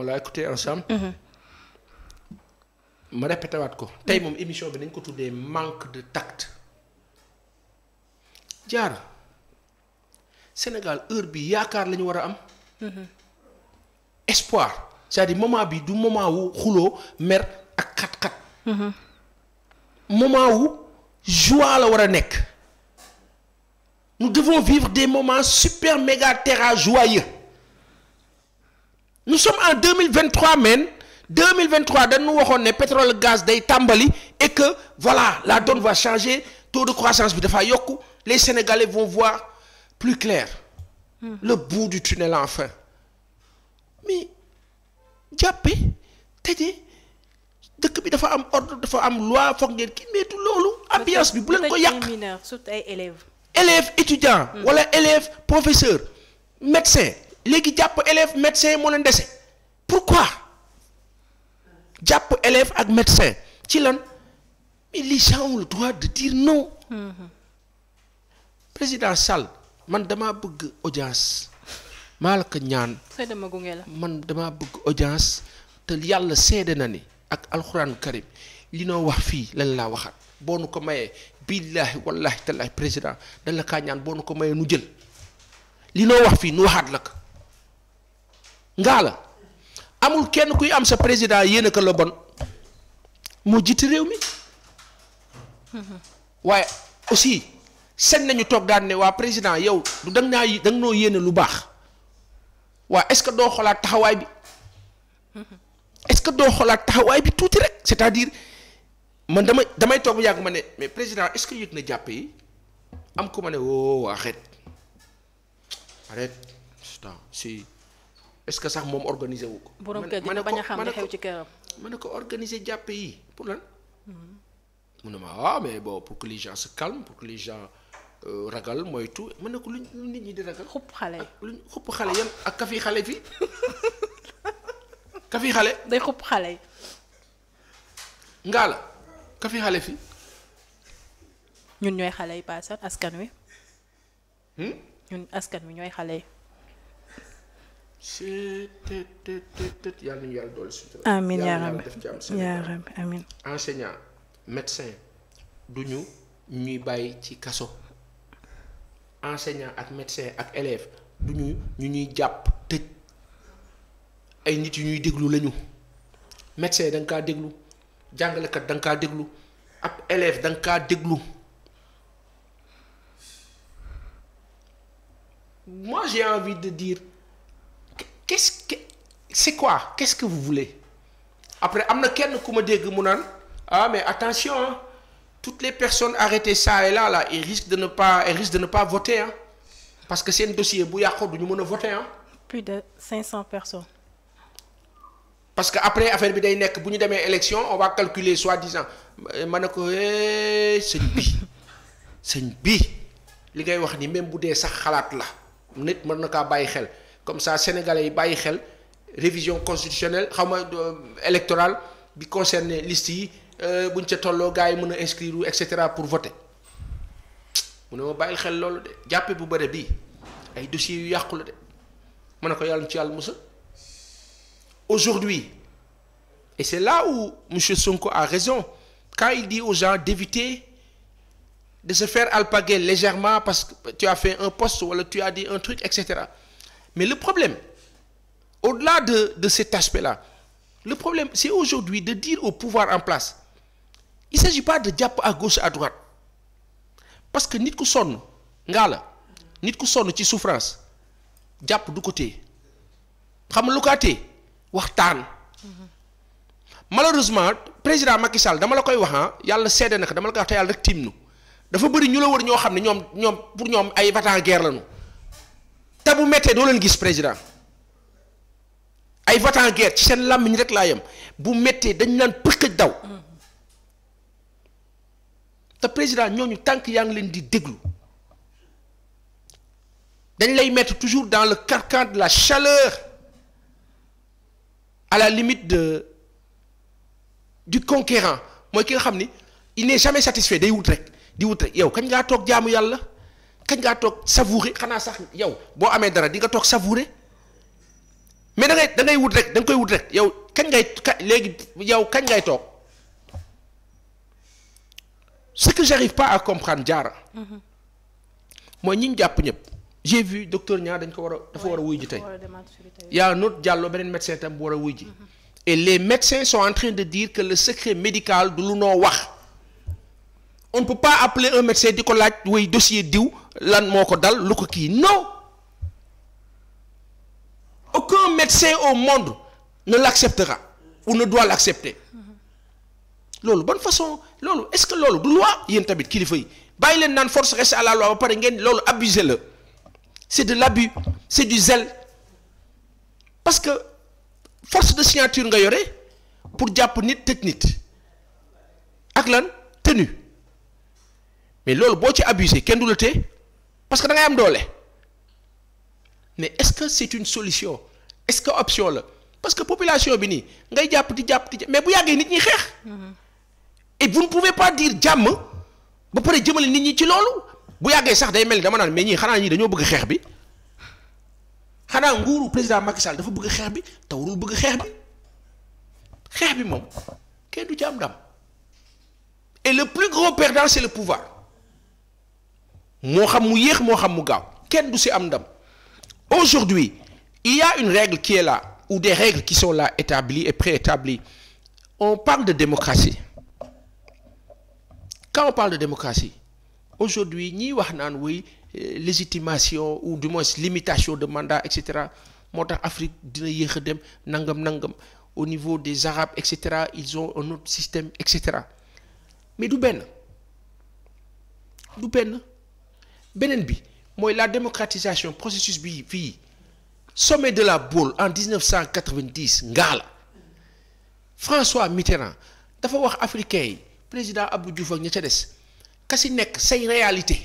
on l'a écouté ensemble. Mm-hmm. ma répété ko tey moom émission bi nañ ko tuddee manque de tact. jaar Sénégal heure bi yaakaar la war a am. Mm-hmm. espoir c'est-à-dire moment bi du moment wu xuloo mer ak xat-xat. Mm-hmm. moment wu joie la war a nekk. nous devons vivre des moments super méga terra joyeux. nous sommes en 2023 men 2023 dañu waxoon ne pétrole gaz day tàmbali et que voilà la done va changer taux de croissance bi dafa yokk les Sénégalais vont voir plus clair mmh. le bout du tunnel enfin mais jàppe tëjee dëkk bi dafa am ordre dafa am loi foog ngeen kii mais du loolu ambiance bi bu leen ko yàq surtout ay élèves élèves étudiants hmm. wala élèves professeurs médecins léegi jàpp élève médecin moo leen dese pourquoi jàpp élève ak médecin ci lan mais les gens ont le droit de dire non mm-hmm. président Sall man dama bëgg audience maa la ko ñaan man damaa bëgg audience te yàlla seede na ni ak alxuraan karim li noo wax fii lañ laa waxaat boo nu ko mayee billaahi wallaahi tallaahi président dañ la kaa ñaan boo nu ko mayee nu jël li noo wax fii nu waxaat la ko ngaa la amul kenn kuy am sa président yéene ko la bon moo jiite réew mi waaye aussi sañ nañu toog daan ne waa président yow du dang naa dang noo yéene lu baax waa est-ce que doo xolaat taxawaay bi est-ce que doo xolaat taxawaay bi tuuti rek c'est-à-dire man damay damay toog yàgg ma ne mais président est-ce que yëg na jàpp yi am ku ma ne woo arrête si est-ce que sax moom organiser wu ko. borom kër gi bañ a xam ne xew ci këram ma ne ko organiser jàppe yi pour lan. Hmm. mu ne ma ah mais bon pour que les gens se pour que les gens euh, ragal moytu ma ne ko lu nit ñi di ragal. xupp xale yi ak xale yan ak kafi xale fii kafi xale. day xupp xale yi. ngaa la kafi xale fii. ñun ñooy xale yi paasal askan wi. Hmm? ñun askan wi ñooy xale yi. yàlla nañu yàlla dool sutura amiin yaa rabbi def ci médecin du ñu ñuy bàyyi ci kaso enseignant ak médecin ak élève du ñu ñu ñuy jàpp tëj ay nit yu ñuy déglu lañu médecin da kaa déglu jàngalekat danga nga kaa déglu ab élève da nga kaa déglu moi j'ai envie de dire qu'est-ce que c'est quoi qu'est-ce que vous voulez après am na kenn ku ma dégg mu naan ah mais attention hein, toutes les personnes arrêtées ça et là là ils risquent de ne pas ils risquent de ne pas voter hein, parce que seen dossier bu yàqoo du ñu mën a voter ah. plus de 500 personnes. parce que après affaire bi day nekk bu ñu demee élection on va calculer soi-disant euh, ma ne ko eh, sëñ bi sëñ bi li ngay wax ni même bu dee sax xalaat la nit mën na kaa bàyyi xel. comme ça sénégalais yi bàyyi xel révision constitutionnelle xaw ma euh, électorale bi concerné liste yi euh, buñ ca tolloo gars yi mën a inscrire wu et cetera pour voter mu ne ma bàyyil xel loolu de jàppe bu bëre bii ay dossiers yu yàqu la de mën na ko yàlla ci yàlla musal aujourd'hui et c'est là où monsieur Sonko a raison quand il dit aux gens d'éviter de se faire alpaguer légèrement parce que tu as un poste wala tu as dit un truc et cetera mais le problème au-delà de de cet aspect-là le problème c'est aujourd'hui de dire au pouvoir en place il s'agit pas de jàpp ak gauche à parce que nit ku sonn ngaa la nit ku sonn ci souffrance jàpp du ko téye xam nga lu ko téye waxtaan. malheureusement président Macky Sall dama la koy wax a ah, yàlla sedd na ko dama la koy wax yàlla rek tiim nu dafa bëri ñu la war ñoo xam ne ñoom ñoom pour ñoom ay vatan guerre lañu bu méttee doo leen gis président ay vatan guerre seen làmmiñ rek laa yem bu méttee dañ naan pëkkëj daw président ñooñu tànk yaa ngi leen di déglu dañ lay mettre toujours dans le carcan de la chaleur à la limite de du conquérant mooy ki nga xam ni il n'est jamais satisfait day wut rek di wut rek yow kañ ngaa toog jaamu yàlla kañ ngaa toog savourer xanaa sax yow boo amee dara di nga toog savourer mais da ngay da wut rek da koy wut rek yow kañ ngay ka léegi yow kañ ngay toog ce que j'arrive pas à comprendre jàpp ñëpp j'ai vu docteur ko war a dafa war a wuy ji tey yaa de dire que secret médical du lu noo wax on ne peut pas appeler un médecin di ko laaj way dossier diw lan moo ko dal lu ko kii non aucun médecin au monde ne l'acceptera ou ne doit l'accepter loolu bonne façon loolu est-ce que loolu du loi yéen tamit kilifa yi bàyyi leen naan force reste à la loi ba pare ngeen loolu abusé la c'est de l'abus c'est du zèle parce que force de signature nga yore pour jàpp nit tëj nit ak lan tenue loolu boo ci abusé kenn du la téye parce que dangay am doole mais est-ce que c'est une solution est-ce que option la parce que population bi nii ngay jàpp di jàpp di mais bu yàggee nit ñi xeex. et vous ne pouvez pas dire jàmm ba pare jëmale nit ñi ci loolu bu yàggee sax day mel ni dama naan mais ñii xanaa ñii dañoo bëgg xeex bi xanaa nguuru président Macky dafa bëgg xeex bi te warul bëgg xeex bi xeex bi moom kenn du ci am ndam et le plus gros perdant le pouvoir. moo xam mu yéex moo xam mu gaaw kenn du si am ndam aujourd'hui il y une règle qui est là ou des règles qui sont là établies et préétablies on parle de démocratie quand on parle de démocratie aujourd'hui ñiy wax naan wuy euh, légitimation ou du moins limitation de mandat et moo tax Afrique dina yéex a dem nangam nangam au niveau des arabes et cetera ils ont un autre système et mais du benn du benn. beneen bi mooy la démocratisation processus bi fii sommet de la Baule en 1990 ngaa la François Mitterrand dafa wax africain yi président Abdou Diouf ak ña ca des ka si nekk say réalité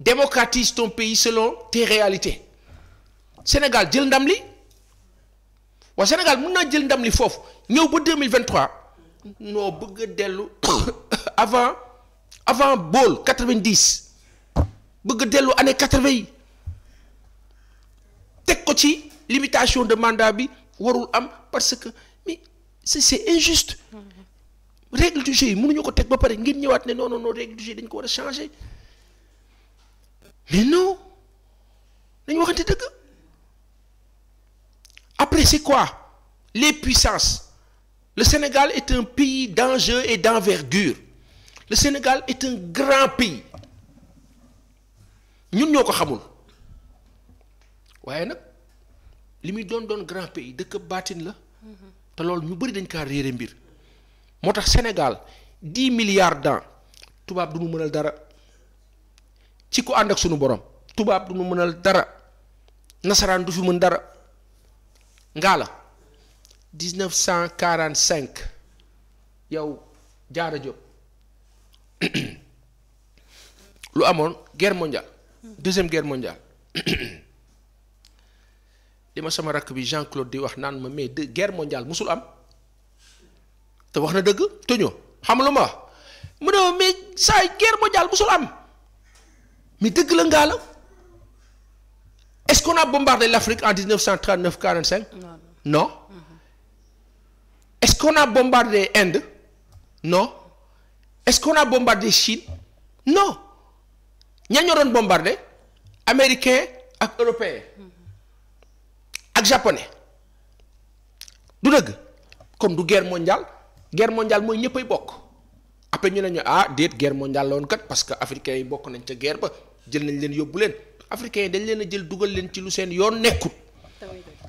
démocratise ton pays selon tes réalités Sénégal jël ndam li waa Sénégal mun naa jël ndam li foofu ñëw ba 2023 noo bëgg a dellu avant avant bool quatre vingt bëgg dellu année quatre-vingt teg ko ci limitation de mandat bi warul am parce que mais c'est c'est injuste règle du jeu yi mënuñu ko teg ba pare ngir ñëwaat ne non non non règle du jeu dañ ko war a changer mais non dañu waxante dëgg après c'est quoi les puissances le Sénégal est un pays d'enjeu et d'envergure le Sénégal est un grand pays ñun ñoo ko xamul waaye nag li muy doon doon grand pays dëkk baatin la te loolu ñu bari dañ kaa yére mbir moo tax Sénégal dix milliards d'ans tubaab du mu mënal dara ci ku ànd ak sunu borom tubaab du mu mënal dara nasaraan du fi mën dara ngaa la 1945 yow Diarra Diop lu amoon guerre mondiale. deuxième guerre mondiale li ma sama rakk bi Jean Claude di wax naan ma mais de guerre mondiale musul am te wax na dëgg tëñoo xam lu ma wax mu ne mais saa guerre mondiale musul am mais dëgg la ngaa la est-ce qu'on a bombardé l'Afrique en 1939 45. non est-ce qu'on a Inde non. est-ce a bombardé Chine non ñan ñoo doon bombardé américain ak européen ak japone du dëgg kon du geer mondiale guerre mondiale mooy ñëppay bokk après ñu ne ñu ah déet guerre mondiale la woon kat parce que africains yi bokk nañ ca guerre ba jël nañ leen yóbbu leen africains dañ leen a jël dugal leen ci lu seen yoon nekkut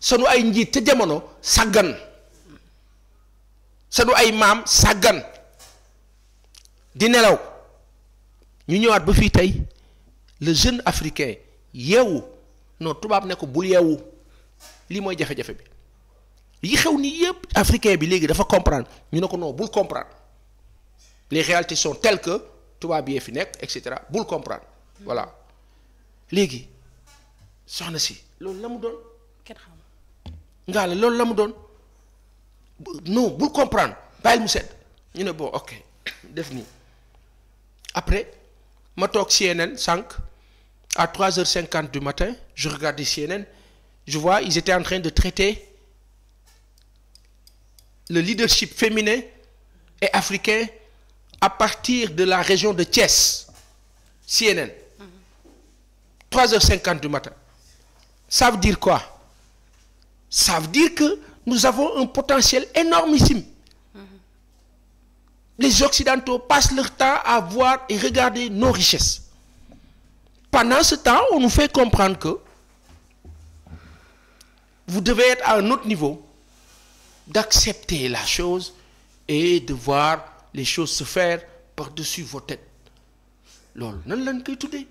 sanu ay njiit te jamono sàggan sanu ay maam sàggan di nelaw ñu ñëwaat ba fii tey le jeune africain yeewu non tubaab ne ko bul yeewu lii mooy jafe-jafe bi yi xew nii yépp africain bi léegi dafa comprendre ñu ne ko non bul comprendre les réalités sont telles que tubaab yee fi nekk et cetera bul comprendre voilà léegi soxna si loolu la mu doon. kenn xam loolu la mu doon non bul comprendre bàyyil mu sedd ñu ne boo ok def nii. après ma toog CNN sànq à 3h50 du matin je regardais CNN je vois ils étaient en train de traiter le leadership féminin et africain à partir de la région de Thiès CNN 3h50 du matin ça veut dire quoi ça veut dire que nous avons un potentiel énormissime les Occidentaux passent leur temps à voir et regarder nos richesses. Pendant ce temps, on nous fait comprendre que vous devez être à un autre niveau, d'accepter la chose et de voir les choses se faire par-dessus vos têtes. loolu nan lañ koy tuddee.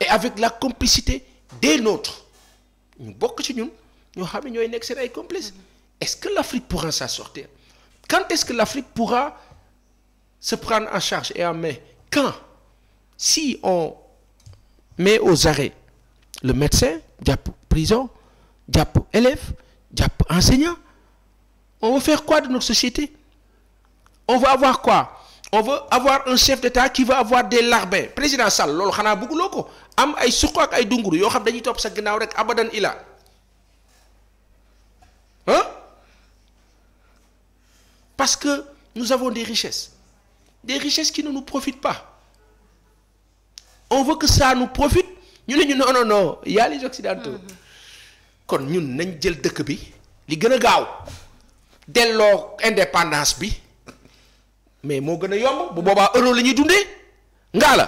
et avec la complicité des nôtres. ñu bokk ci ñun ñoo xam ne ñooy nekk seen ay complices. Mm-hmm. est-ce que l'Afrique pourra s'en sortir? quand est-ce que l'Afrique pourra se prendre en charge et en main quand si on met aux arrêts le médecin jàpp prison jàpp élève jàpp enseignant on veut faire quoi de notre société on veut avoir quoi on veut avoir un chef d'État qui va avoir des larbins président loolu xanaa bëgguloo ko am ay suq ak ay dunguru yoo xam dañuy top sa ginnaaw rek abadan ila ah parce que nous avons des richesses des richesses qui ne nous profitent pas on veut que ça ñu ne ñu non yàlla non y a les mm-hmm. kon ñun nañ jël dëkk bi li gën a gaaw delloo indépendance bi mais moo gën a yomb bu boobaa euro la ñuy dundee ngaa la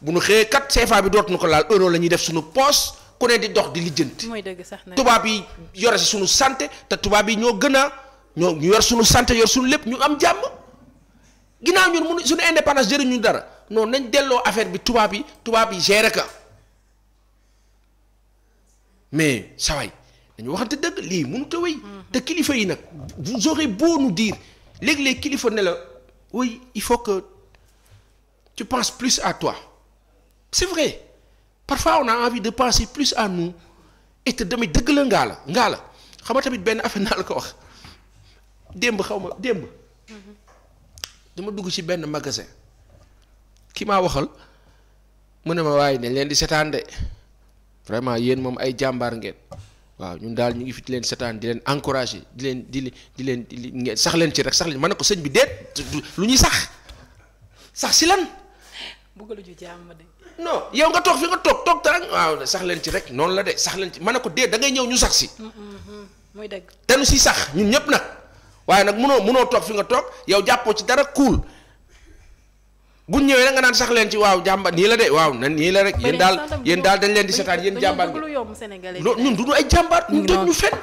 bu ñu xëyee kat CFA bi dootuñu ko laal euro la ñuy def suñu poos ku ne di dox di lijjanti. mooy dëgg sax nag tubaab yi yore si suñu santé te tubaab yi ñoo gën a ñoo ñu yor suñu santé yor suñu lépp ñu am jàmm. ginnaaw ñun su suñu indépendance jëriñu dara noonu nañ delloo affaire bi tubaab yi tubaab yi gérer ka mais saway dañu waxante dëgg lii mënut a wéy te kilifa yi nag vous aurez beau nous dire léeg-léeg kilifa ne la il faut que tu penses plus à toi c'est vrai parfois on a envie de penser plus à nous et te damay dëgg la ngaa la ngaa la xam nga tamit benn affaire naa la ko wax démb xaw ma démb dama dugg ci benn magasin ki maa waxal mu ne ma waaye dañ leen di setaan de vraiment yéen moom ay jàmbaar ngeen waaw ñun daal ñu ngi fi di leen setaan di leen encourager di leen di di leen ngeen sax leen ci rek sax leen man ne ko sëñ bi déet lu ñuy sax sax si lan. bëgg lu ju jàmm de. non yow nga toog fi nga toog toog dara waaw sax leen ci rek noonu la de sax leen ci man ne ko déet dangay ngay ñëw ñu sax si. mooy dëgg. dañu si sax ñun ñëpp na waaye nag munoo munoo toog fi nga toog yow jàppoo ci dara kuul bu ñëwee da nga naan sax leen ci waaw jàmba nii la de waaw na nii la rek yéen daal yéen daal dañ leen di seetaan yéen jàmbaar bi loolu ñun duñu ay jàmbaar ñu toj ñu fenn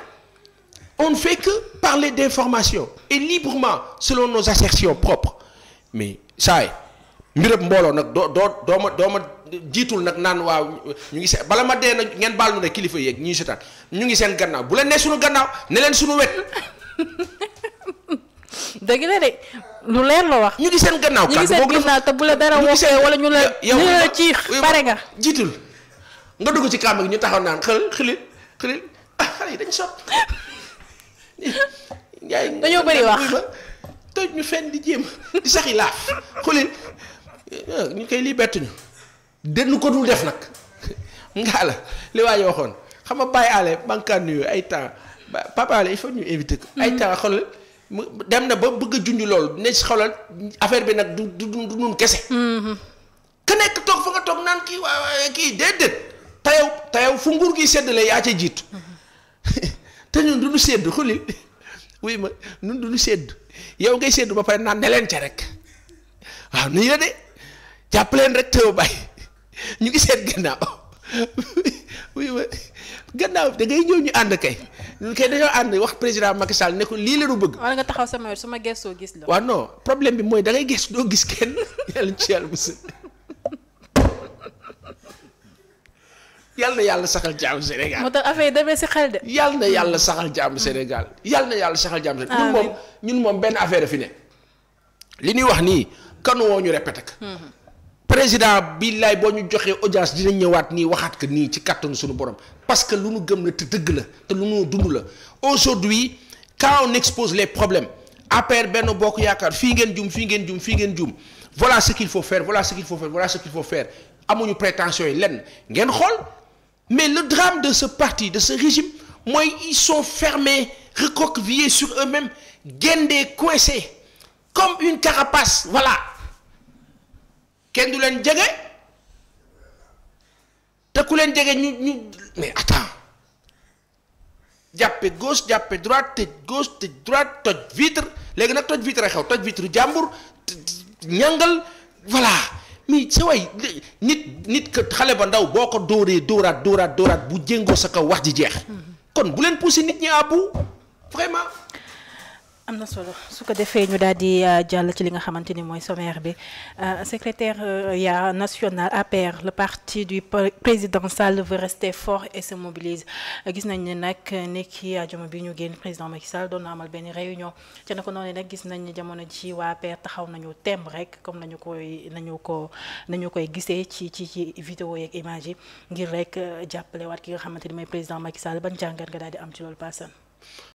on ne fait que parler d'information et librement selon nos assertions propres mais saa mbirëb mbooloo nag doo doo doo ma doo ma jiitul nag naan waaw ñu ngi seen bala ma dee na ngeen baal mu ne kilifa yeeg ñuy seetaan ñu ngi seen gannaaw bu leen nee suñu gannaaw neleen leen suñu wet dëgg na de lu leer la wax. ñu ngi seen gannaaw kàddu boobu ñu te bu la dara wokkee wala ñu la. ñu la ci pare nga. jiitul nga dugg ci kàmb gi ñu taxaw naan xel xilil xilil ah, xale yi dañ sot yaay dañoo bari wax toj ñu fen di jéem di sax yi laaf xulil eh, ñu koy lii bettuñu dënn ko du def nag ngaa la li waa ji waxoon xam nga bàyyi aale bankaan nuyu ay temps Pape Alé il faut ñu éviter ko. Mm-hmm. ay temps xoolal mu dem na ba bëgg a junj lool ne si xoolal affaire bi nag du du du nun kese. Mm-hmm. ka nekk toog fa nga toog naan kii waa kii déedéet fu nguur gi sedd la yaa ca jiitu mm-hmm. te ñun du ñu sedd xulil wuy ma ñun du ñu sedd yow ngay sedd ba pare naan ne ca rek waaw nii la jàpp leen rek taw ngi seet gannaaw ma gannaaw da ñëw ñu ànd kay. kay dañoo ànd wax président Macky ne ko lii la ñu bëgg. wala nga taxaw sama yoon su ma gëstoo gis la. waaw non problème bi mooy dangay ngay doo gis kenn yàlla ci yàlla yàlla na yàlla saxal jaamu Sénégal. moo demee si xel na yàlla saxal jaamu Sénégal yàlla na yàlla saxal jaamu Sénégal. ñun moom ñun moom benn affaire fi ne. li ñuy wax nii kanu ñu répété ko. Hmm. président bi laay boo ñu joxee audience dina ñëwaat nii waxaat ko nii ci kattanu suñu borom parce que lu nu gëm la te dëgg la te lu nu dund la aujourd'hui quand on expose les problèmes APR benn Bokk Yaakaar fii ngeen jum fii ngeen jum fii ngeen jum voilà ce qu'il faut faire voilà ce qu'il faut faire voilà ce qu'il faut faire amuñu prétention yi lenn ngeen xool mais le drame de ce partie de ce régime mooy ils sont fermés recroquevillés sur eux-mêmes gendee coincés comme une carapace voilà kenn du leen jege te ku leen jege ñu ñu mais attends jàppe gauche jàppe droite tëj gos tëj droite toj vitre léegi nag toj witre a xew toj vitre jàmbur ñàngal voilà mais sa way nit nit xale ba ndaw boo ko dóoree dóoraat dóoraat dóoraat bu jéngoo sa kaw wax ji jeex mm-hmm. kon bu leen pousser nit ñi à bout am na solo su ko defee ñu daal di euh, jàll ci li nga xamante ni mooy sommaire bi euh, secrétariat euh, national APR le parti du président Sall veut rester fort et se mobilise gis nañ ne nag ni ki ajuma bi ñu génn président Macky Sall doon na amal benn réunion te na ko noonu nag gis nañ ni jamono ji waa APR taxaw nañu temb rek comme nañu koy nañu ko nañu koy gisee ci ci ci vidéo yeeg image yi ngir rek jàppale waat ki nga xamante ni mooy président Macky Sall ban jàngat nga daal di am ci loolu paasan